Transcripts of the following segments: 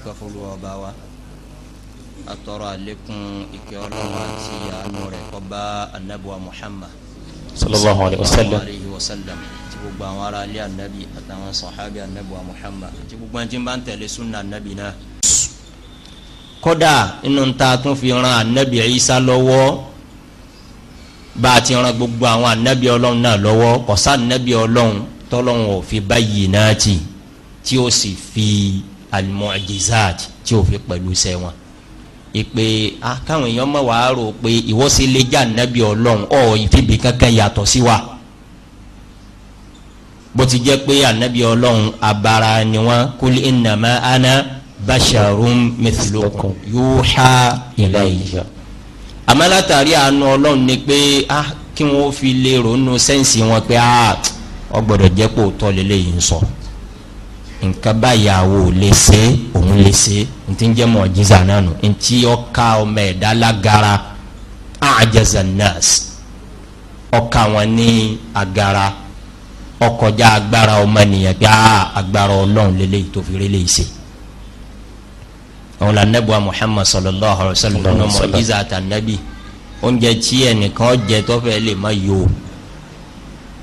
dúpẹ́ fọlọ́ ọba wa atọrọ àlékún ìkẹ́ ọlọ́run àti àánú rẹ̀ kó bá anabuwa muhammad sallallahu alayhi wa sallam ti gbogbo àwọn ará ilé anabi àtàwọn sọ̀hábì anabuwa muhammad ti gbogbo ẹni tí ń bá ń tẹ̀lé sunna anabi náà. kódà inú ta tún fi ran anabi isa lọ́wọ́ bá a ti ran gbogbo àwọn anabi ọlọ́run náà lọ́wọ́ kọ̀sá anabi ọlọ́run tọ́lọ́run ò fi báyìí náà ti tí ó sì fi almu'jizat tí o fi pẹ̀lú sẹ́ wọn ìpè akáwọn ah, èèyàn mọ̀ wàá rò pé ìwọ́sẹ̀ lè já nàbí ọlọ́run ọ̀ ìfibì kankan yàtọ̀ sí wa bó ti jẹ́ pé ànábì ọlọ́run abara ni wọ́n kul innama ana basharun mithlukum yuha ilayya àmọ́ látàrí àánú ọlọ́run ni pé ah kí wọ́n fi lè ronú sẹ́ǹsì wọn pé ah ọgbọ́dọ̀ jẹ́ pé òótọ́ lélẹ́yìn sọ. So nǹkan báyà wò lè ṣe òun lè ṣe n ti ń jẹ́ mọ̀ jíza náà nù n tí ó ká ọmọ ẹ̀dá lágara àjẹsà nurse ọkà wọn ní agara ọkọjá agbára ọmọnìyàn pé agbára ọlọ́run lélẹ́yìí tó fi rélẹ́yìí ṣe àwọn anabuwa muhammad sallallahu alayhi wa sallam ọmọ jíza àtànàbì oúnjẹ tí ẹnìkan jẹ tó fẹ́ lè má yọ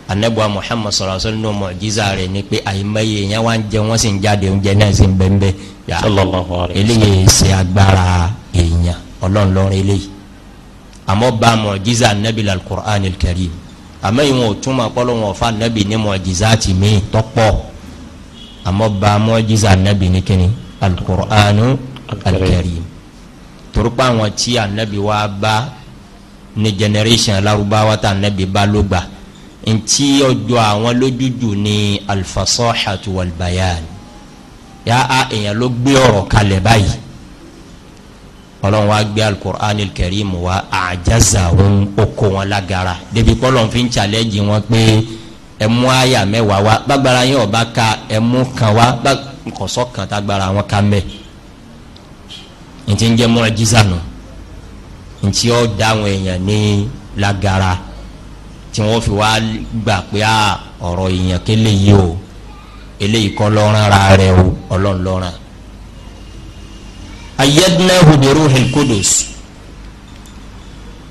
anabuwa muhammad sọlọsọ nínú mọ̀jísà rẹ̀ ni pé àìmọye èèyàn wá ń jẹ wọ́n sì ń jáde oúnjẹ náà sì ń bẹ́ńbẹ́ eléyìí ṣe agbára èèyàn ọlọ́run lọ́rùn eléyìí àmọ́ bá mọ̀jísà anabi la alukur'an karim àmọ́ ìwọ̀n tuma pọ́lọ́ wọn fa anabi ní mọ̀jísà ti mí tọ́pọ̀ àmọ́ bá mọ̀jísà anabi ní kíni alukur'an karim torípa àwọn tí anabi wa bá ní generation larubawa tá anabi ba ló gbà ntí ọjọ́ àwọn lójújù ní alfasahatu walbayan ya a èèyàn ló gbé ọ̀rọ̀ kalẹ̀ báyìí ọlọ́run wa gbé alukur'an kẹrìm wa àjàzà òun oko wọn lágara débi kọ́lọ́n fi ń challenge wọn pé ẹmú àyà mẹ́wàá wa bágbára yín ọba ka ẹmú kan wa bá nkọ̀sọ́ kan tágbára wọn ká mẹ́ ntí ń jẹ́ mọ́ ẹ jísà nù ntí ọ́ dáhùn èèyàn ní lágara tí wọ́n fi wá gbà pé a ọ̀rọ̀ èèyàn kélé yìí o eléyìí kọ́ lọ́rùn ara rẹ o ọlọ́run lọ́rùn. ayyadnahu bi ruhil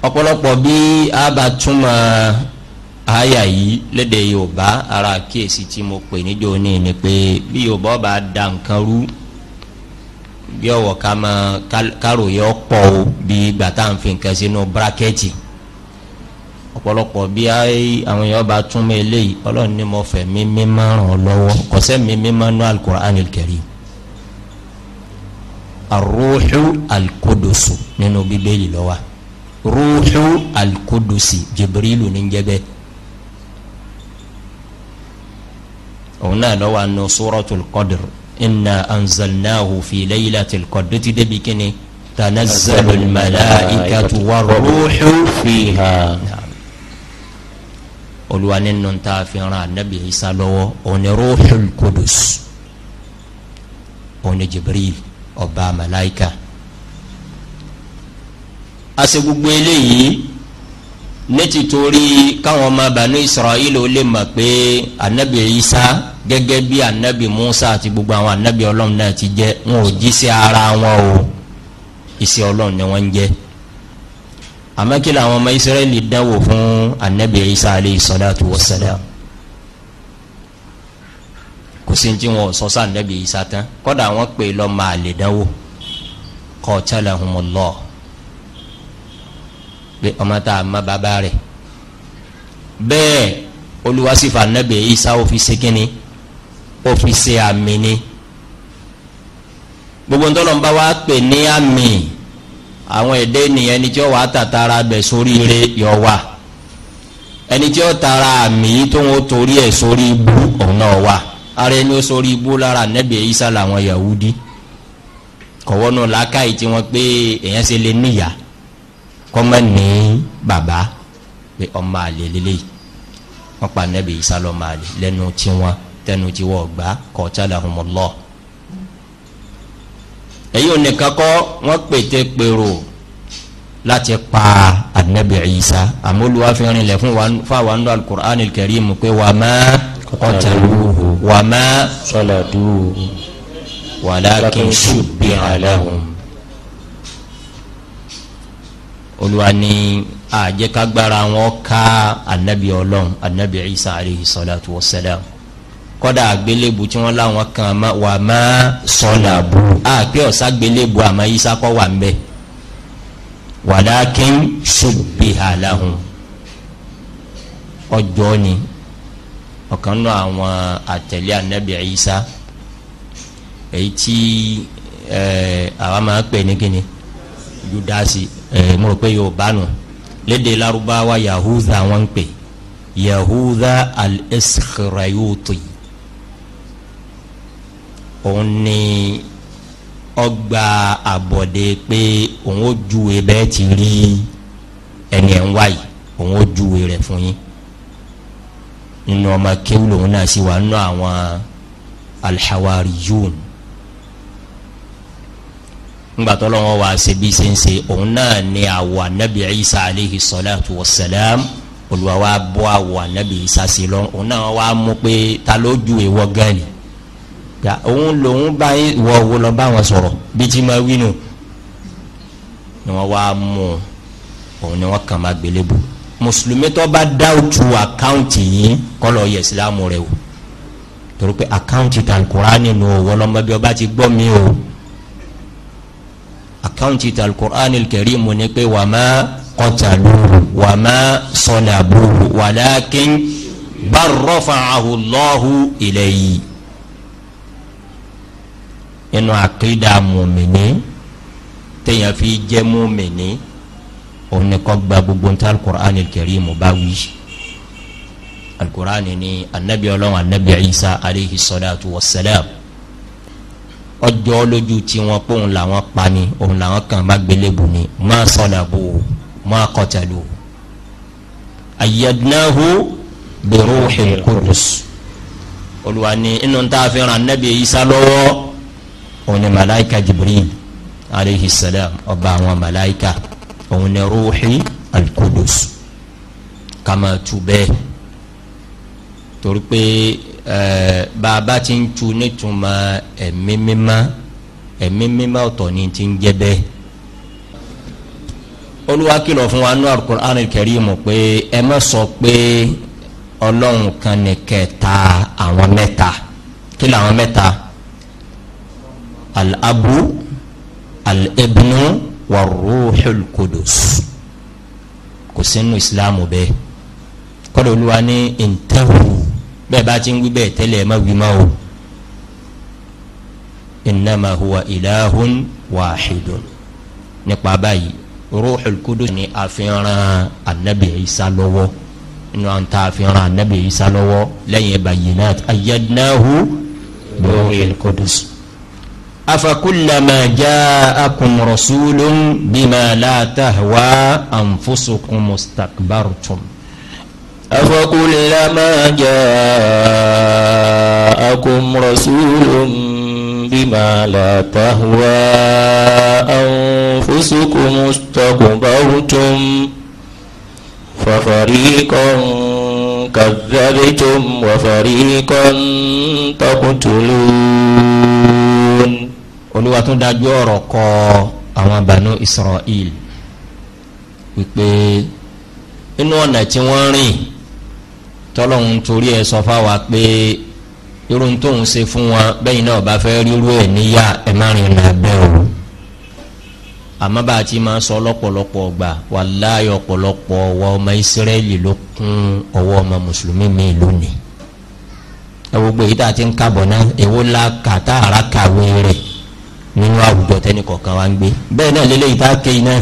ọ̀pọ̀lọpọ̀ bí a bá túmọ̀ àyà yìí lédè yorùbá ara kíyèsí tí mo pè níjó ní ni pé bí yorùbá bá da nǹkan rú bí ọ̀wọ̀ ká máa káròyé ọ̀pọ̀ o bí gbàtà ń fi nǹkan sínú bírákẹ́tì. No ọ̀pọ̀lọpọ̀ bí àwọn èèyàn bá tún mọ́ eléyìí ọlọ́run ní mo fẹ́ mi mímọ́ ràn lọ́wọ́ kọ́sẹ́ mi mímọ́ nú alukur'an kẹrì aruhu alikodoso nínú bíbélì lọ́wọ́ ruhu alikodosi jibrilu ní jẹ́bẹ́ òun náà lọ́wọ́ àná suratul qadr inna anzalnahu fi laylatil qadr ti débi kíni tanazzalu al malaikatu war fiha olúwa nínú ta fi ran anabi isa lọ́wọ́ òní ruhul kudus òní jibril ọba malaika ase gbogbo eléyìí ní títorí káwọn ọmọ bànú israẹli ó lè mọ̀ pé anabi isa gẹ́gẹ́ bí anabi musa àti gbogbo àwọn anabi ọlọ́run náà ti jẹ́ wọn ò jí sí ara wọn o iṣẹ́ ọlọ́run ni wọ́n ń jẹ́ àmọ́ kí làwọn ọmọ israẹli dánwò fún anabi isa aleyhi salatu wa salam kò sí ní tí wọn sọ sí anabi isa tán kódà wọn pè lọ máa lè dánwò qatalahumullah pé ọmọ tá a má bàbá rẹ̀ bẹ́ẹ̀ olùwàsífà anabi isa ó fi ṣe kínní ó fi ṣe àmì ni gbogbo ntọ́nà ń bá wa pè ní àmì àwọn èdè nìyẹn ẹni tí ó wà á tàtàrà bẹ̀ sórí ire yọ wà ẹni tí ó tara àmì tó ń torí ẹ̀ sórí ibú òun náà wà ara ẹni ó sórí ibú lára nẹ́bí Ìsá làwọn Yahudi kọ̀wọ́nù làákàyè tí wọ́n pé èèyàn ṣe lè níyà kọ́mọ ní bàbá pé ọmọ àlè lélẹ́yìí wọ́n pa nẹ́bí Ìsá lọ́mọ àlè lẹ́nu tiwọn tẹnu tiwọn gbà kọ́ ọ́ tí a lọ́ọ̀ èyí ò nìkan kọ́ wọ́n pète pèrò láti pa anabi isa àmúlùwà fi rinlẹ̀ fún fáwọn nù alukur'an kẹrìmù pé wà má kọtàlúhù wà má sọlàdúhù wàlákin ṣùbí àlẹ́hùn. olùwà ni àjẹkágbára wọn ká anabi ọlọ́run anabi isa aleyhi salatu wa salam kọ́dà àgbélébù tí wọ́n láwọn kan wà má sọ̀nà bù àpé ọ̀sá gbélébù àmọ́ isa kọ́ wà mbẹ́ wàlákin ṣubbiha lahum ọjọ́ ni ọ̀kan náà àwọn àtẹ̀lé anabi isa èyí tí àwa máa pè ní kíni judasi mo rò pé yóò bá nù lédè Lárúbáwá yahuza pè yahuza al-Iskhirayuti òun ni ọgbà àbọ̀dé pé òun ó júwe bẹ́ẹ̀ ti rí ẹni ẹ̀ ń wáyìí òun ó júwe rẹ̀ fún yín nínú ọmọ kéwù lòun náà sì wà nínú àwọn alhawariyun ngbàtọ́ lọ́wọ́ wa ṣe bí ṣe ń ṣe òun náà ni àwọ̀ anabi isa aleyhi salatu wa salam olùwà wa bọ́ àwọ̀ anabi isa sí lọ́wọ́ òun náà wà á mú pé ta ju èèwọ̀ gan ya òun lòun bá yín wọ owó lọ bá wọn sọ̀rọ̀ bí tí máa wínú ni wọn wá mú òun ni wọn kàn máa gbélébù mùsùlùmí tó bá dá òtù àkáǹtì yìí kọ́ lọ yẹ ìsìlámù rẹ o torí pé àkáǹtì tàlùkùránì nù owó lọ́mọdé ọba ti gbọ́ mi o àkáǹtì tàlùkùránì kẹrìmù ni pé wà má qataluhu wà má salabuhu walakin bá rọ́fà àhùlọ́hù ilayhi nínú àkídà mùmìnì téèyàn fi jẹ́ mùmìnì òun ni kọ́ gba gbogbo ní alukur'an kẹrìmù bá wí alukur'an ni anabi ọlọ́run anabi isa aleyhi sọ́dátù wasalam ọjọ́ lójú tí wọ́n pé òun làwọn pa ni òun làwọn kàn bá gbélébù ni má sọ̀dà bò ó má kọ̀tà lò ó ayadnahu bi ruhi qudus olùwà anabi isa lọ́wọ́ òun ni malaika jibril aleyhi salam ọba àwọn malaika òun ni ruuxi alkudus kama tu bẹ́ẹ̀ torí pé bàbá ti ń tu nítumọ̀ ẹ̀mí mímọ́ ẹ̀mí mímọ́ ọ̀tọ̀ ni ti ń jẹ́ bẹ́ẹ̀ olúwa fún wa nú alukur'an kẹrìmù pé ẹ má sọ pé ọlọ́run kan ní kẹta àwọn mẹ́ta kí làwọn mẹ́ta al-abu al-ibnu wa ruhul kudus kò sínú ìsìláàmù bẹ́ẹ̀ kọ́dọ̀ olúwa ní ìntẹ́hù bẹ́ẹ̀ bá ti ń wí bẹ́ẹ̀ tẹ́lẹ̀ ẹ̀ má wí má o innama huwa ilahun wahidun nípa báyìí ruhul kudus ni àfihàn anabi isa lọ́wọ́ inú àwọn tá fi ran anabi isa lọ́wọ́ lẹ́yìn bayyinat ayyadnahu bi ruhul kudus. أفكلما جاءكم رسول بما لا تهوى أنفسكم استكبرتم أفكلما جاءكم رسول بما لا تهوى أنفسكم استكبرتم ففريقا كذبتم وفريقا تقتلون olúwa tún dájú ọ̀rọ̀ kọ àwọn bànú Israel wípé inú ọ̀nà tí wọ́n rìn tọ́lọ́hún torí ẹ sọ fáwa pé irun tóun ṣe fún wọn bẹ́yìn náà bá fẹ́ rírú ẹ̀ níyà ẹ̀ má rìn ní abẹ́ o àmọ́ bá a ti máa sọ lọ́pọ̀lọpọ̀ ọgbà wàláyé ọ̀pọ̀lọpọ̀ ọwọ́ ọmọ Ísírẹ́lì ló kún ọwọ́ ọmọ mùsùlùmí mi lónìí ẹ gbogbo èyí tá a ti ń kábọ̀ náà èwo la kà tá a rẹ̀ nínú àwùjọ tẹ́ni kọ̀ọ̀kan wa ń gbé bẹ́ẹ̀ náà lélẹ́yìí tá a ké iná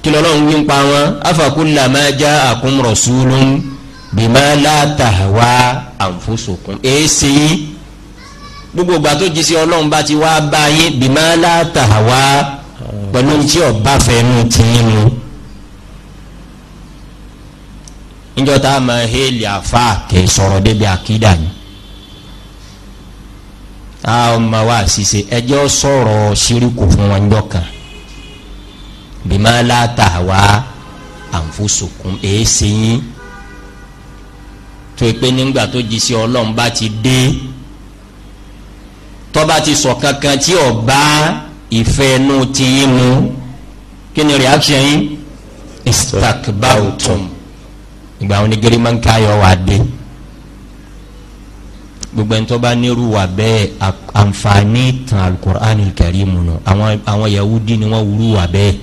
kí lọ́lọ́run yín pa wọn afakunla máa já àkúnrọ̀ sùúrùn bìmá látàwá àǹfóṣokùn èsì gbogbo ìgbà tó jí sí ọlọ́run bá ti wá bá yín bìmá látàwá pẹ̀lú tí ọba fẹ́nu ti yín mu. níjọ́ tá a máa hélì àfa kì í sọ̀rọ̀ débi àkídà yìí àwọn ọmọ wa ṣiṣe ẹjọ́ sọ̀rọ̀ ṣíríkù fún wọn jọ kan bímọ látàwá àǹfóṣokùn èéṣe yín tó yẹ pé nígbà tó jí sí ọlọ́run bá ti dé tọ́ba ti sọ kankan tí ó bá ìfẹ́ inú ti yín mu kí ni reaction yín istakbautum ìgbà wọn ni gerimanka yọ dé gbogbo ẹni tó bá nírú wà bẹ́ẹ̀ àǹfààní tan alukur'an kẹrìmù nù àwọn yahudi ni wọ́n wúru wà bẹ́ẹ̀.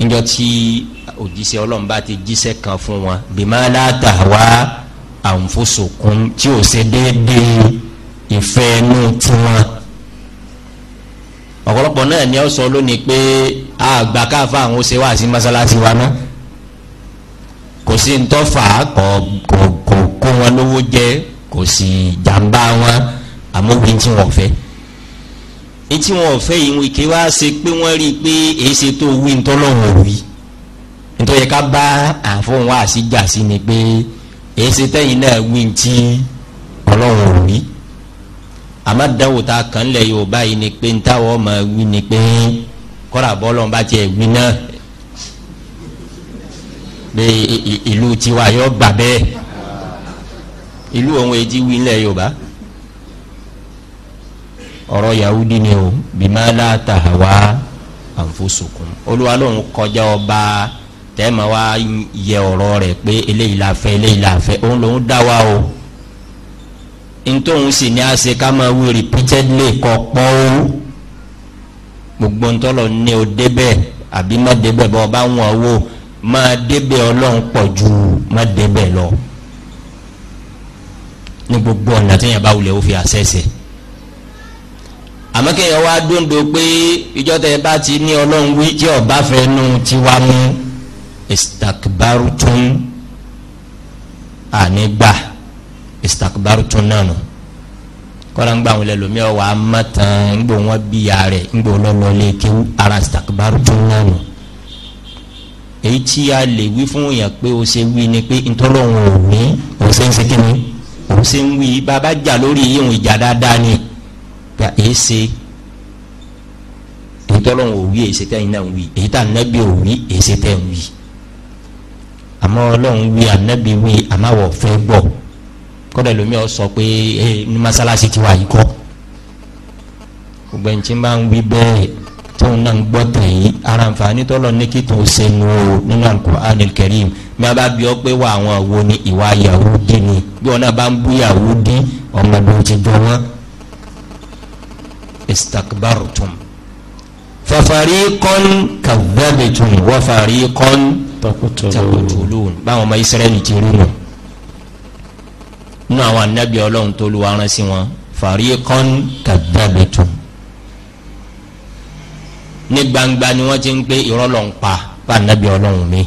níjọ́ tí òjíṣẹ́ ọlọ́run bá ti jíṣẹ́ kan fún wọn bímọ látàwá àǹfọ̀sọ̀kun tí ò ṣe déédéé ìfẹ́ inú tiwọn. ọ̀pọ̀lọpọ̀ náà ni ó sọ lónìí pé àgbà ah, káfa àwọn ó ṣe wá sí mọ́sálásí wa náà kò sí ntọ́fà kò kò kò kó wọn lówó jẹ kò sí jàmbá wọn àmóhùn tí wọn fẹ́ etí wọn ò fẹ́ ìwọ̀n ìké wá ṣe pé wọ́n rí i pé èyí ṣe tó wí ntọ́lọ́wọ̀n wí nítorí ká bá àfọ̀hún wá sí jà sí ni pé èyí ṣe tẹ́yìn náà wí ntí ọlọ́run wí àmọ́ dánwò tá a kàn lẹ̀ Yorùbá yìí ni pé ntáwọ̀ ọmọ wí ni pé kọ́ra bọ́lọ́n bá tiẹ̀ wí náà pé ìlú tiwa yọ gbà bẹ́ẹ̀ ìlú òun èjì wí ilẹ̀ yorùbá ọ̀rọ̀ yahudi ni o bimala tahawa anfusukun olúwa lòun kọjá ọba tẹ́ẹ̀mà wa yẹ ọ̀rọ̀ rẹ̀ pé eléyìí la fẹ́ eléyìí la fẹ́ òun lòun dá wa o ntòun sì ní a ṣe ká máa wí repeatedly kọ pọ́ o gbogbo ntọ́lọ̀ ní o débẹ̀ àbí má débẹ̀ bọ́ ọba ń wọ̀ wò máa débẹ̀ ọlọ́run pọ̀ ju má débẹ̀ lọ ní gbogbo ọ̀nà téèyàn bá wulẹ̀ ó fi àṣẹṣe àmọ́ kéèyàn wá dóńdó pé ìjọ tẹ bá ti ní ọlọ́run wí tí ọba fẹ́ nu tiwa mú istakbarutun ànígbà istakbarutun náà nù ń gbà wọn lẹ́lòmí ọ̀wà mọ́tàn ń gbò wọ́n bíyà rẹ̀ ń gbò lọ́lọ́lé kí ara istakbarutun náà èyí tí a lè wí fún yàn pé o ṣe wí ni pé ntọ́lọ́hún ò ní o ṣe ń ṣe kí ni o ṣe ń wí bàbá jà lórí ìhun ìjà dáadáa ni gba èyí ṣe ntọ́lọ́hún ò wí èyí ṣe tẹ́yìn náà wí èyí tà nẹ́bí ò wí èyí ṣe tẹ́yìn wí àmọ́ ọlọ́run wí ànẹ́bí wí àmàwọ̀ fẹ́ gbọ́ kọ́dà lómi ọ sọ pé ẹ ní masalasi ti wà yìí kọ́ gbogbo ẹni ń wí bẹ́ẹ̀ tóun náà ń gbọ́ tẹ̀yìn ara nfààní niki ní kí tó ṣe nu o nínú alukur'an kẹrim bí a bá bí ọ pé wà àwọn wo ni ìwà yahudi ni bí wọn náà bá ń bú yahudi ọmọdé ti jọ wọn istakbartum fafarikon kadhabtum wafarikon takutulun báwọn ọmọ israẹli ti rí nù nínú àwọn anabi Ọlọ́run tó lu aránsí wọn farikon kadhabtum ní gbangba ni wọ́n ti ń pé irọ́ ló ń pa pa nàbí ọlọ́run mi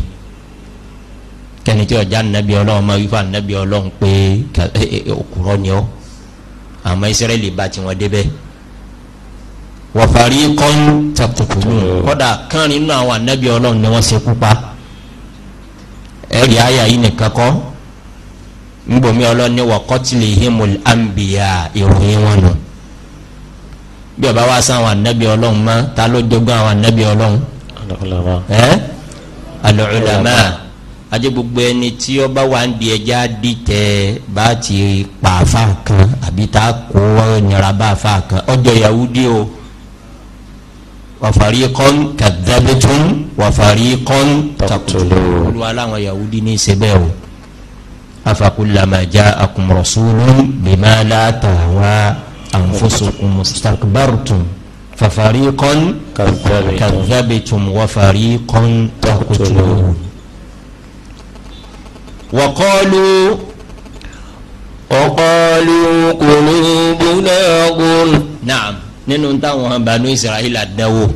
kẹ́ni tí ọjà nàbí ọlọ́run máa wí fún nàbí ọlọ́run pé òkúrọ́ ni ọ́ àmọ́ ìsírẹ́lì bá tiwọn débẹ̀ wọ̀fàrí kọ́ń tẹkùtùmù kọ́dà kán nínú àwọn ànábì ọlọ́run ni wọ́n ṣe kú pa ẹ̀rí àyà yìí nìkan kọ́ nbomi ọlọ́ni wọ́n kọ́tìlì himul ambiya ìròyìn wọn nù. No bí ọba wa sáwọn anabi Ọlọ́run mọ ta ló jogún àwọn anabi Ọlọ́run ẹ alùlámà ajé gbogbo ẹni tí ọba wa ń di ẹja di tẹ bá ti pa afa kan àbí tá a kó nyara bá afa kan ọjọ yahudi o wàfàrí kan kàdábẹtún wàfàrí kan takùtù olúwa làwọn yahudi ní sẹbẹ o afakulama ja bimala tawa anfusukum mustakbartum fafariqan kadhabtum wafariqan taqtulun. وقالوا وقالوا قلوبنا غلف نعم nínú táwọn banu israel àdánwò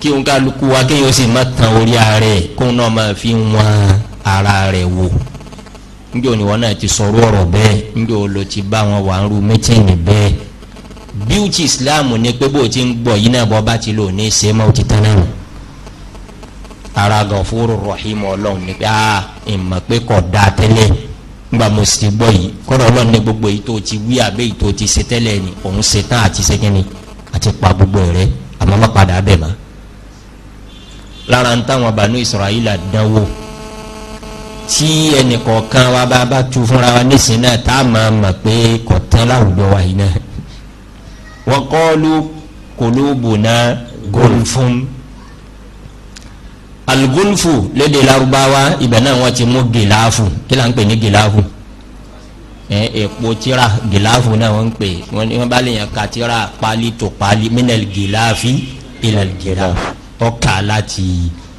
kí n kálukú wa kéèyàn sì má tan orí ara rẹ̀ kóun náà fi wọn ara rẹ̀ wò. njó ni wọn náà ti sọrọ ọrọ bẹẹ njó ló ti bá wà ń ru mítìnì bẹ́ẹ̀ islam ni pé bó ti ń gbọ́ yìí náà bá ti lò ní ṣe máa ti tán náà ara gàfúrú rahim ọlọ́run ni pé a ìmọ̀ pé kò da tẹ́lẹ̀ mo sì ti gbọ́ yìí kọ́dọ̀ ní gbogbo tó ti wí ti ṣe tẹ́lẹ̀ ni òun ṣe tán àti ṣe àti pa gbogbo àmọ́ má padà bẹ̀ mọ́ lára ń táwọn tí ẹnìkọ̀ọ̀kan wa bá bá tu fúnra wa nísìnyí náà tá a máa mọ̀ pé kò tán láwùjọ wa yìí náà wọ́n kọ́ ló kòlóòbò náà gólfún algolfu lédè Lárúbáwá ibẹ̀ náà wọ́n ti mú gìláàfù kí là ń pè ní gìláàfù èpo tíra gìláàfù náà wọ́n ń pè wọ́n ní wọ́n bá lè yàn ká tíra pali tó pali mínẹ́lì gìláàfì ìlẹ̀ gìláàfù ọkà láti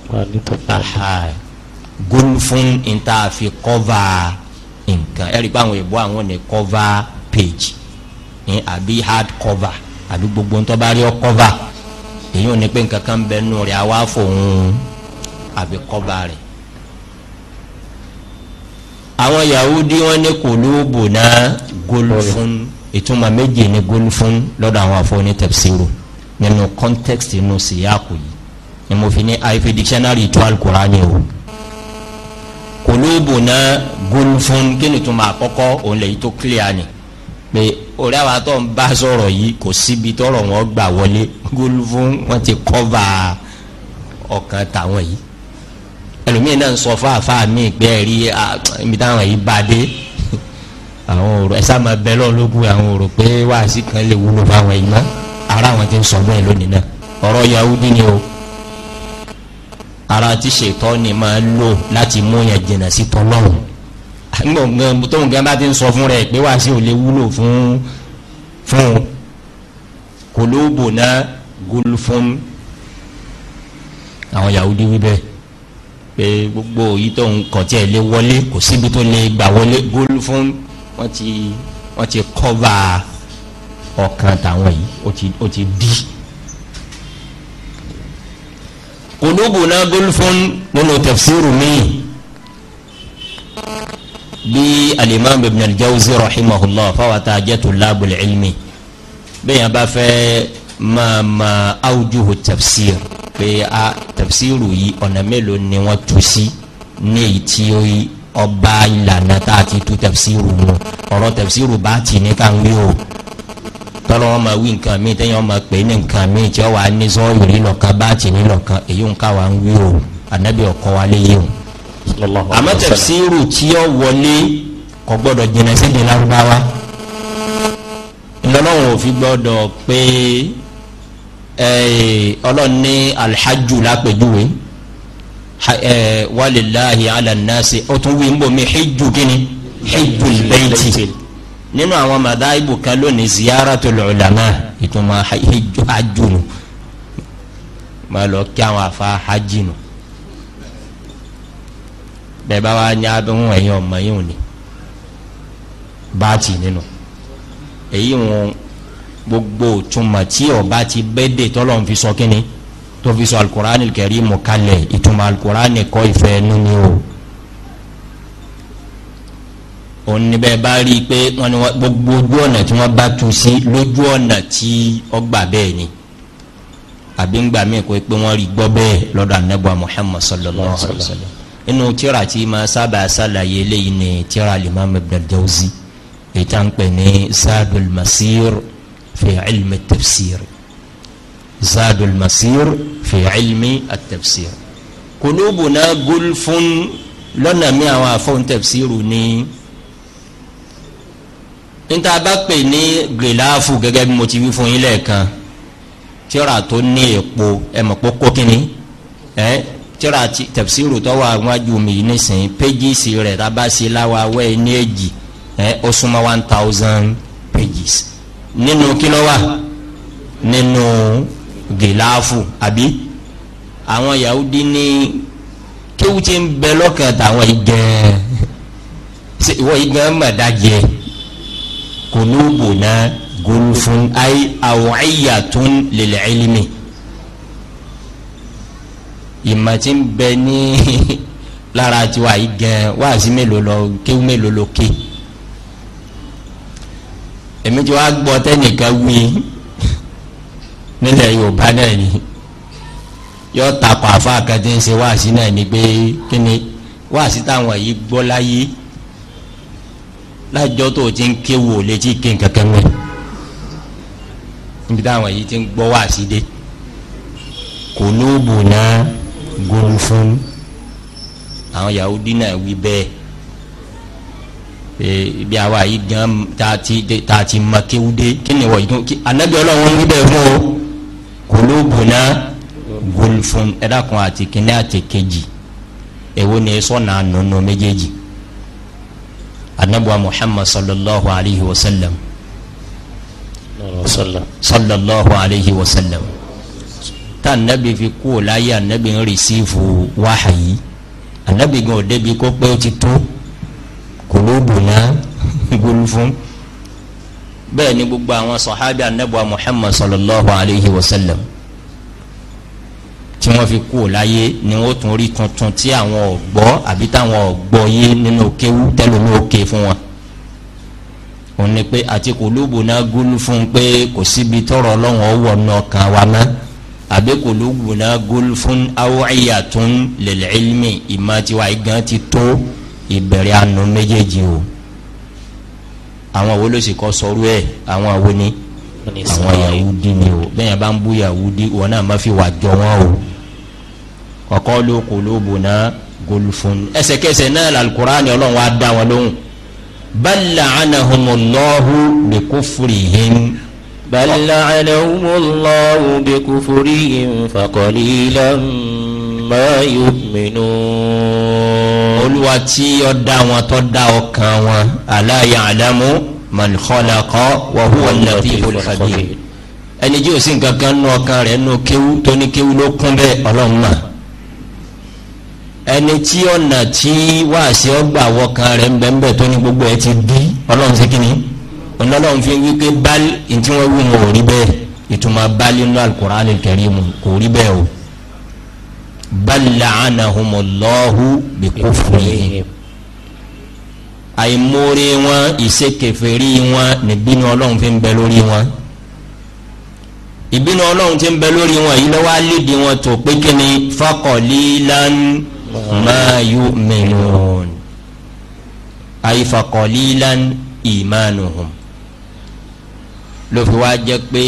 pali tó pali gún fún níta fi kọ́va nǹkan ẹ̀rí pé àwọn ìbò àwọn ní kọ́va page àbí hard cover àbí gbogbo ń tọ́ba rí ọ cover èyí ò ní pé nǹkan kan bẹ nù rẹ̀ àwa fòun àbí cover rẹ̀ àwọn yahudi wọn ní kòlóòbò náà golfun ìtumọ̀ méje ní golfun lọ́dọ̀ àwọn afọ́ni tẹ̀síro nínú context inú síyáàkù yìí ni mo fi ní àìfi dictionary tó alukura ni o kulubuna gulfun kí ni tó máa kọ́kọ́ òun lè tó clear ni pé orí àwọn atọ́ ń bá sọ̀rọ̀ yìí kò síbi tọ́rọ̀ wọn gbà wọlé gulfun wọn ti cover ọkàn tàwọn yìí ẹlòmíì náà ń sọ fáfá mi pé rí ibi táwọn yìí bá dé àwọn òrò ẹ sáà máa bẹ lọ́ọ́lógún àwọn òrò pé wáàsí kan lè wúlò fáwọn yìí mọ́ ara àwọn ti ń sọ bẹ́ẹ̀ lónìí náà ọ̀rọ̀ Yahudi ara tí ṣètọ́ ni máa lò láti mú yẹn jìnnà sí tọ́lọ́run gbọ̀ngàn tó ń gan bá ti ń sọ fún rẹ̀ pé wá sí ò lè wúlò fún fún kolóbòná gulfun àwọn Yahudi wí bẹ́ẹ̀ pé gbogbo yìí tó ń kàn tí ẹ lé wọlé kò síbi tó lè gbà wọlé gulfun wọ́n ti wọ́n ti kọ́va ọkàn tàwọn yìí ó ti ó ti dí qulubuna gulfun nínú tafsiru mi bí alimami ibn al-jawzi rahimahullah fáwọn tá a jẹ́ tulabul ilmi bẹ́ẹ̀ yẹn bá fẹ́ máa ma awjuhu tafsir pé a tafsiru yìí ọ̀nà mélòó ni wọ́n tu sí ní èyí tí ọba ìlànà tá a ti tu tafsiru mu ọ̀rọ̀ tafsiru bá ti ní ká ń wí o tọ́lọ́ wọn máa wí nǹkan míì tẹ́yìn wọn máa pè é ní nǹkan míì tí wọ́n wà á ní sọ́ọ̀rì nílọ̀kan báàtì nílọ̀kan èyí ń káwa ń wí o ànábì ọ̀kọ́ wa lé yé o. àmọ́ tẹ̀síìrù tí ó wọlé kò gbọ́dọ̀ jìnnà sídìí lárúbáwá. ìlọ́lọ́run ò gbọ́dọ̀ pé ọlọ́run ní alhajj lápèjúwe walilahi ala wí ń bò mí hijju kíni hijju bẹ́ẹ̀tì nínú àwọn madaibu kan lónìí ziyaratul ulama ìtumọ̀ hajjunu máa lọ kí àwọn afa hajjinu bẹ́ẹ̀ bá wa ní abẹ́hùn ẹ̀yìn ọmọ yìí ò ní báàtì nínú èyí wọn gbogbo ìtumọ̀ tí ọba ti bẹ́ẹ̀dẹ̀ tọ́lọ̀ ń fi sọ kínní tó fi sọ alukur'an kẹrí mu kalẹ̀ ìtumọ̀ alukur'an kọ́ ìfẹ́ nínú o òun níbẹ̀ bá rí i pé wọ́n ní gbogbo ojú ọ̀nà tí wọ́n bá tu sí lójú ọ̀nà tí ọgbà bẹ́ẹ̀ ni àbí ńgbà míì kó pé wọ́n rí gbọ́ bẹ́ẹ̀ lọ́dọ̀ anábọ̀ Muhammad sallallahu alayhi wa sallam inú tíra tí ma sábà sàlàyé eléyìí ni tíra Imam Ibn al-Jawzi pè ní Zadul Masir fi ilmi tafsir Zadul Masir fi ilmi tafsir kulubuna gulfun lọ́nà mi àwọn afọ́n tafsiru ni níta bá pè ní gèláàfù gẹ́gẹ́ bí mo ti wí fún yín lẹ́ẹ̀kan tíọ́rà tó ní èpo ẹ̀mọ̀ pópó kínní ẹ̀ tíọ́rà tẹ̀síìrù tọ́wọ́ àwọn ajùmí yìí nísìnyí pages rẹ̀ tábà sí láwa wẹ́ ní èjì ẹ̀ ó súnmọ́ one thousand pages nínú kílọ́wà nínú gèláàfù àbí àwọn Yahudi ní kéwù tí ń bẹ lọ́kàn táwọn igẹ̀ ìwọ igẹ̀ mọ̀ dájẹ́ kulubuna gulfun ay awciyatun lilcilmi ìmọ̀ tí ń bẹ ní lára tiwa yìí gan wáàsí mélòó lọ kéwú mélòó lọ ké èmi tí wàá gbọ́ tẹ́nìkan wí nílẹ̀ yorùbá náà ni yọ takọ̀ àfa kan ń ṣe wáàsí náà ni pé kí wáàsí táwọn yìí gbọ́ láyé lájọ tó o ti ń ké wò létí ké kankan mọ́ níbi táwọn yìí ti ń gbọ́ wá sí dé kò lóòbù náà gómù fún àwọn Yahudi náà wí bẹ́ẹ̀ bí àwa yìí gan tá a ti mọ kéwúdé kí ni wọ́n yìí anabi ọlọ́run wí bẹ́ẹ̀ fún o kò lóòbù náà gómù fún ẹ̀dá kan àti kìnìún àti kejì èwo ni sọ́nà nùnú méjèèjì anabuwa muhammad sallallahu alayhi wa sallam sallallahu alayhi wa sallam tá anabi fi kú o láyé anabi ń rìsífù wáhàyí anabi gan o débi kó pé o ti tó kòlóbùnà gólúfún bẹ́ẹ̀ ni gbogbo àwọn sọ̀hábì anabuwa muhammad sallallahu alayhi wa sallam tí wọ́n fi kú láyé ni wọ́n tún rí tuntun tí àwọn ọ̀gbọ́ àbí táwọn ọ̀gbọ́ yé nínú kéwú tẹ́lómi òkè fún wọn. òun ni pé àti kò lóbò náà gólú fún pé kò síbi tọrọ ọlọ́run ọwọ́ náà kan wa mọ́ àbí kò lóbò náà gólú fún awọ́ọ̀yà tó ń lẹ̀lẹ̀ ilmi ìmọ̀ tiwa igan ti tó ìbẹ̀rẹ̀ àánú méjèèjì o. àwọn wo ló sì kọ́ sọ́rú ẹ̀ àwọn wo ni àwọn Yahudi ni o bẹ́ẹ̀ yẹn bá ń bú Yahudi wọn náà má fi wà jọ wọn o wàkọ́lù kòlóbùnà gòlùfún ẹsẹ̀kẹsẹ̀ náà làlùkùránì ọlọ́run wa dá wọn lóhùn bala anahumulọ́hu bí kúfùrìhìn bala anahumulọ́hu bí kúfùrìhìn fàkọ́lìlà mọ́ yùmínú. olúwa tí ó dá wọn tó dá ọkàn wọn aláya àdámú man khalaqa wa huwa ẹni jí o sì ń kankan nù ọkàn rẹ̀ nù kéwú tó ní ló kún bẹ́ẹ̀ ọlọ́run náà. ẹni tí ọ̀nà tí wáàsí ọgbà wọkàn rẹ̀ ńbẹ̀ńbẹ̀ tó ní gbogbo ẹ ti bí ọlọ́run sí kínní ọlọ́run fi wí báàlì tí wọ́n wí wọn ò rí bẹ́ẹ̀ ìtumọ̀ báàlì nínú kò rí bẹ́ẹ̀ o àìmórí wọn wọn níbínú ọlọ́run fi ń bẹ lórí wọn ìbínú ọlọ́run ti ń bẹ lórí wọn yìí lọ́wọ́ wọn tó pé ma yu'minun ay fa qalilan imanuhum ló fi wá jẹ́ pé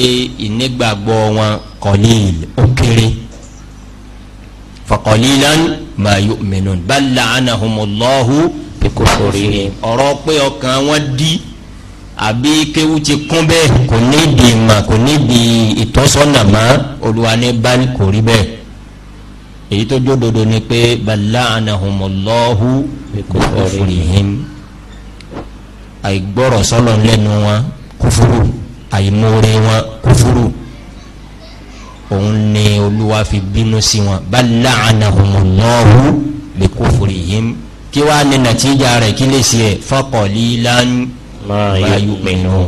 ìnígbàgbọ́ wọn qalil ó kéré fa qalilan ma yu'minun bal la'anahumullahu bi kufrihim ọ̀rọ̀ pé ọkàn wọn dí àbí kéwú ti kún bẹ́ẹ̀ kò ní di ìmọ̀ kò ní di ìtọ́sọ́nà mọ́ olùwà ní kò rí bẹ́ẹ̀ èyí tó jódodo ni pé bala'anahumullahu bikufurihim àìgbọ́rọ̀ sọ́lọ̀ lẹ́nu wọn kúfúrú àìmóore wọn kúfúrú òun ni olúwa fi bínú sí wọn bala'anahumullahu bikufurihim kí wàá ní nàtíjà rẹ̀ kí lè ṣe faqalilan ma yu'minun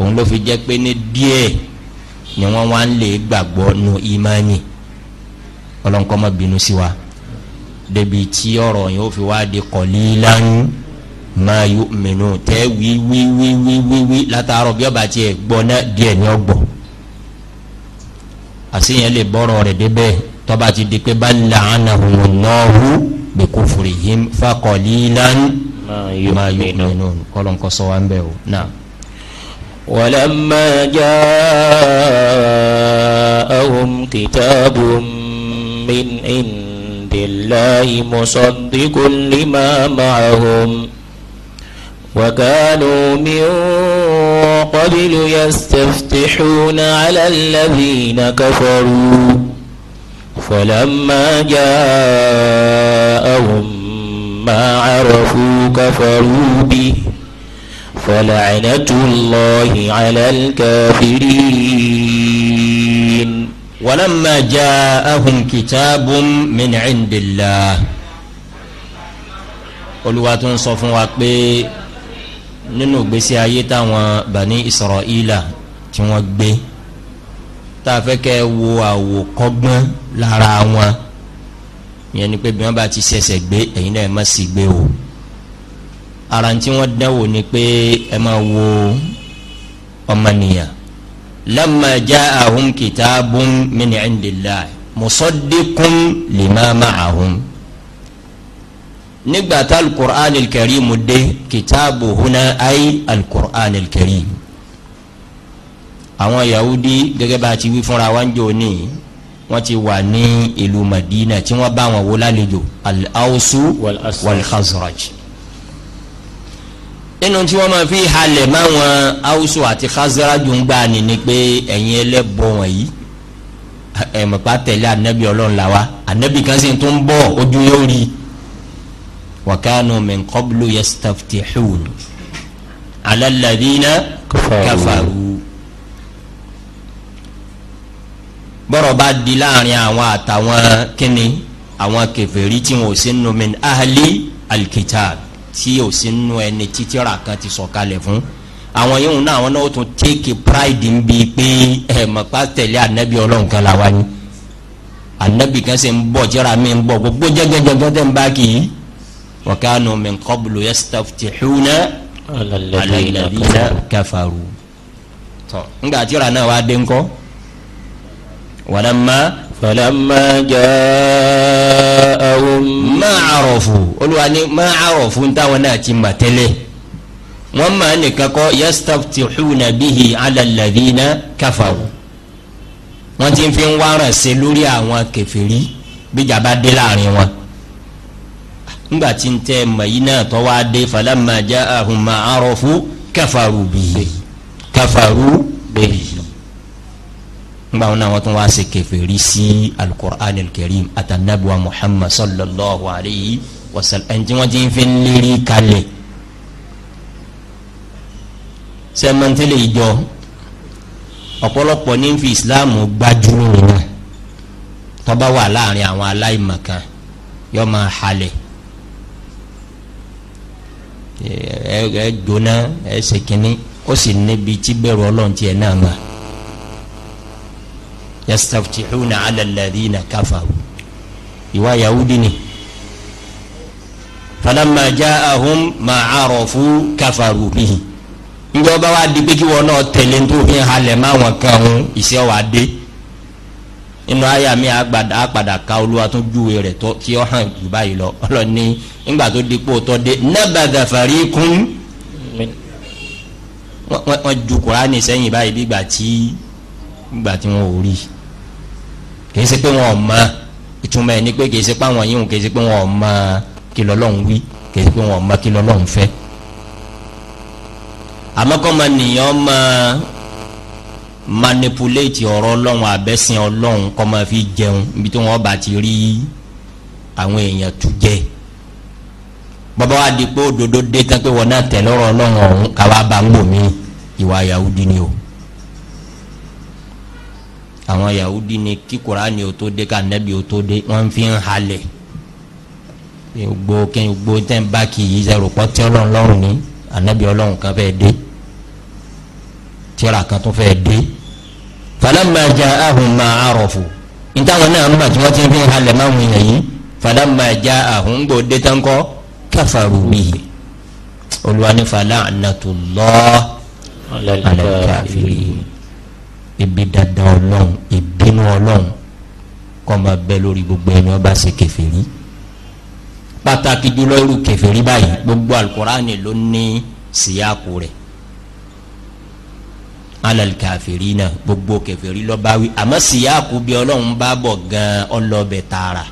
òun ló fi jẹ́ pé ní díẹ̀ ni wọ́n wá ń lè gbàgbọ́ nu ìmánì. No ọlọ́nkọ́mọ́ bínú sí wa débi tí ọ̀rọ̀ yìí ó fi wá di qalilan ma yu'minu tẹ́ wí wí wí wí wí wí látàárọ̀ bí ọba tiẹ̀ gbọ́ náà díẹ̀ ní ọgbọ̀ àṣeyàn lè bọ́rọ̀ rẹ̀ débẹ̀ tọ́ba ti di pé bal la'anahumullahu bi kufrihim fa qalilan ma yu'minu kọ́lọ́nkọ́ sọ wa ń bẹ̀ o náà. ولما جاءهم كتاب من عند الله مصدق لما معهم وكانوا من قبل يستفتحون على الذين كفروا فلما جاءهم ما عرفوا كفروا به فلعنة الله على الكافرين ولما جاءهم كتاب من عند الله Olúwa tún sọ fún wa pé nínú ìgbésí ayé táwọn Bani Israila tí wọ́n gbé tá a fẹ́ kẹ́ wo àwòkọ́gbọ́n lára wọn ìyẹn ni pé bí wọ́n bá ti ṣẹ̀ṣẹ̀ gbé ẹ̀yin náà ẹ má sì gbé o ara tí wọ́n dánwò ni pé ẹ máa wo ọmọnìyàn lamma ja'ahum kitabun min indillah musaddiqun lima ma'ahum nígbà tá alukur'an alkarimu dé kitaabu huna ay alukur'an alkarimu àwọn yahudi gẹ́gẹ́ bá a ti wí fúnra wa ń jò ní wọ́n ti wà ní ìlú madina tí wọ́n bá wọn wò lálejò al-awsu wal-khazraj. Wal nínú tí wọ́n máa fi halẹ̀ máwọn haúsù àti khazaraju ń gbà ní ni pé ẹ̀yin ẹlẹ́bọ̀ wọ̀nyí ẹ̀mọ̀pá tẹ̀lé anabi ọlọ́run la wa anabi kan sì tún bọ̀ ojú yóò rí wa kanu min qablu yastaftihun ala alladhina kafaru. bọ́rọ̀ bá di láàrin àwọn àtàwọn kínní àwọn kèfèrí tí wọn ò sí nù alkitab tí ò sí nínú ẹni títí ra kan ti sọ̀kalẹ̀ fún àwọn yòówù náà àwọn náà tún take pride ń bi pé ẹ mọ̀ pa tẹ̀lé anabi ọlọ́run kan làwa ni anabi kan ṣe ń bọ̀ jẹ́ra mi ń bọ̀ gbogbo jẹ́gẹ́jẹ́gẹ́ tẹ̀ ń bá kì í wa kanu min qablu yastaftihuna ala alladhina kafaru. tọ́ ńgbà tíra náà wá dé ńkọ́ walamma. فلما جاءهم ما عرفوا Olúwa أني ما عرفوا táwọn náà ti mọ̀ وما أنك máa nìkan kọ́ yastaftihuna bihi ala alladhina kafaru wọ́n ti fi ń wárán ṣe lórí àwọn kèfèrí bíjà bá dé láàrin wọn nígbà tí ń tẹ mọ̀yì náà tó wá dé falamma ja'ahum ma arafu kafaru bihi kafaru bihi ngba wọn náà wọn tún wá ṣe kèfèrí sí alukur'an alkarim atanabuwa muhammad sallallahu alayhi wa sallam ẹnjí wọn ti fi lérí kalẹ̀ sẹmẹntẹlẹ ìjọ ọ̀pọ̀lọpọ̀ ní fi islam gbajúmọ̀ wọn tọba wà láàrin àwọn aláìmọ̀kan yọ máa halẹ̀ ẹ ẹ gbóná ẹ ṣèkínní ó sì níbi tí bẹ̀rù Ọlọ́run tiẹ̀ náà yastaftihuna ala alladhina kafaru ìwà yahudi ni falamma jaahum ma arafu kafaru bihi njẹ ọba wa di pé kí wọn náà tẹ̀lé tó fi halẹ̀ má wọn kàn ń iṣẹ́ wa dé inú àyà mi àgbàdà àpàdà ká olúwa tó júwe rẹ̀ tó tí ó hàn jù báyìí lọ ọlọ́ni tó di pé ó tọ́ dé nabadha fariqun wọ́n ju kùránì sẹ́yìn báyìí bí gbà tí gbà tí wọ́n ò rí i kì í ṣe pé wọn ò mọ ìtumọ̀ ẹ̀ ni pé kì í ṣe pé àwọn yìí kì í ṣe pé wọn ò mọ kí lọ́lọ́run wí kì í ṣe pé wọn ò mọ kí lọ́lọ́run fẹ́ àmọ́kọ́mọ nìyẹn mọ manipulate ọ̀rọ̀ ọlọ́run àbẹ́sìn ọlọ́run kọ́ máa fi jẹun ibi tí wọ́n bá ti rí àwọn èèyàn tún jẹ́ bàbá wa di pé òdodo dé tán pé wọn náà tẹ̀ lọ́rọ̀ ọlọ́run ọ̀hún káwa bá ń gbòmí ìwà Yahudi ni o àwọn yahudi ni kí kurani o tó dé ká nẹbi o tó dé wọn fi ń halẹ̀ gbogbo kẹ́hìn gbogbo tẹ́ ń bá kì í sẹ́rù pọ́ tí ọlọ́run lọ́rùn ni anabi ọlọ́run kan fẹ́ dé tíra kan tó fẹ́ dé falamma ja'ahum ma arafu ntàwọn náà nígbà tí wọ́n ti fi ń halẹ̀ máa ń wọ̀nyẹ̀ yìí falamma ja'ahum gbò dé tánkọ́ kafaru olùwànífàlà anatullah ala al ibi dada ọlọ́run ìbínú ọlọ́run kọ́ ma bẹ lórí gbogbo ẹni ọba ṣe kẹfẹ́rí pàtàkì jùlọ irú kẹfẹ́rí báyìí gbogbo alukurani ló ní síyáàkú rẹ̀ alal kàfẹ́rí náà gbogbo kẹfẹ́rí lọ́ba wí àmọ́ síyáàkú bí ọlọ́run bá bọ̀ gan ọlọ́bẹ̀ tààrà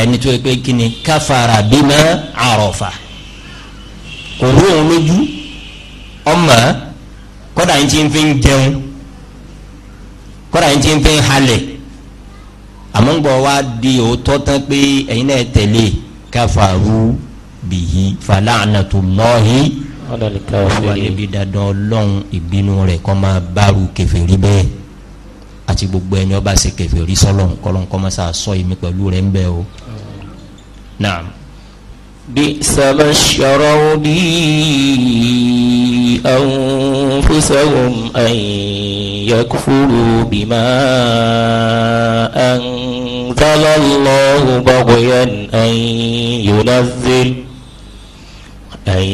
ẹni tó yẹ pé kí ni káfàrà bímọ àròfà kò ní òun lójú ọmọ kọ́dà yín ti fi ń jẹun kọ́ra yín ti ń fi ń halẹ̀ àmọ́ ń gbọ́ wá di òótọ́ tán pé ẹ̀yin náà tẹ̀lé káfàrú bìyí falánàtúlọ́hì wàlẹ́bí dandan ọlọ́run ìbínú rẹ̀ kọ́ máa bárù kẹfẹ́rí bẹ́ẹ̀ àti gbogbo ẹni ọba ṣe kẹfẹ́rí sọ́lọ́n kọ́lọ́n kọ́ máa sọ èmi pẹ̀lú rẹ̀ ń bẹ́ o. naam. بئس ما اشتروا به أنفسهم أن يكفروا بما أنزل الله بغيا أن ينزل أن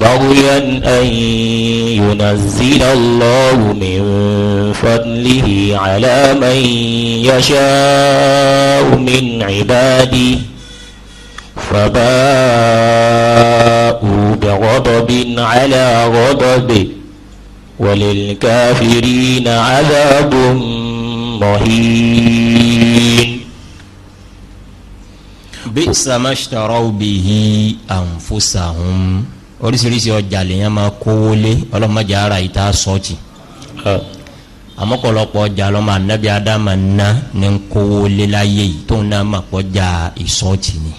بغيا أن ينزل الله من فضله على من يشاء من عباده فباءوا بغضب على غضب وللكافرين عذاب مهين بئس ما اشتروا به أنفسهم oríṣiríṣi ọjà lèèyàn máa kówó lé ọlọ́mọdé ara ìta sọ́ọ̀tì àmọ́kọ̀lọpọ̀ ọjà lọ́mọ anábì adama ná ní kówó lé láyé yìí tóun náà máa pọ̀ já ìsọ́ọ̀tì ni